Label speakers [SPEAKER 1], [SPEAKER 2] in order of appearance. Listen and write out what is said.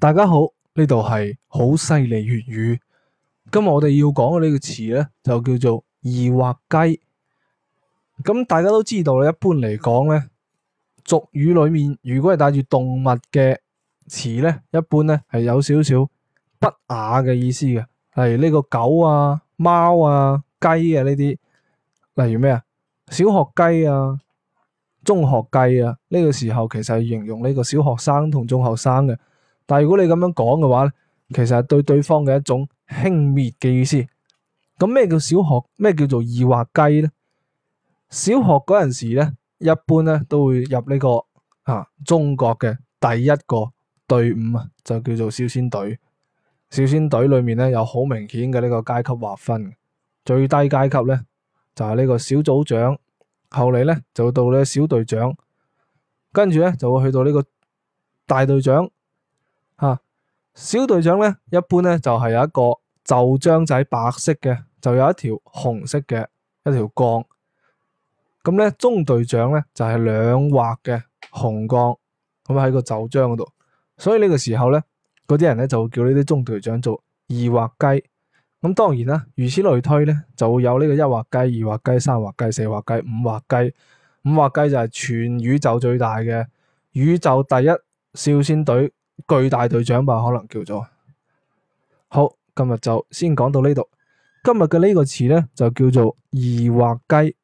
[SPEAKER 1] 大家好，呢度係好犀利粵語。今日我哋要講嘅呢個詞呢，就叫做二畫雞。咁大家都知道咧，一般嚟講呢，俗語裏面如果係帶住動物嘅詞呢，一般呢係有少少不雅嘅意思嘅，例如呢個狗啊、貓啊、雞啊呢啲，例如咩啊，小學雞啊、中學雞啊，呢、這個時候其實係形容呢個小學生同中學生嘅。但係如果你咁樣講嘅話咧，其實係對對方嘅一種輕蔑嘅意思。咁咩叫小學？咩叫做二畫雞呢？小學嗰陣時咧，一般咧都會入呢、這個嚇、啊、中國嘅第一個隊伍啊，就叫做少先隊。少先隊裡面咧有好明顯嘅呢個階級劃分。最低階級咧就係呢個小組長，後嚟咧就會到呢小隊長，跟住咧就會去到呢個大隊長。吓，小隊長咧一般咧就係、是、有一個袖章仔白色嘅，就有一條紅色嘅一條槓。咁咧中隊長咧就係兩畫嘅紅槓，咁喺個袖章嗰度。所以呢個時候咧，嗰啲人咧就會叫呢啲中隊長做二畫雞。咁當然啦，如此類推咧，就會有呢個一畫雞、二畫雞、三畫雞、四畫雞、五畫雞。五畫雞就係全宇宙最大嘅宇宙第一少先隊。巨大隊長吧，可能叫做好。今日就先講到呢度。今日嘅呢個詞咧，就叫做二畫雞。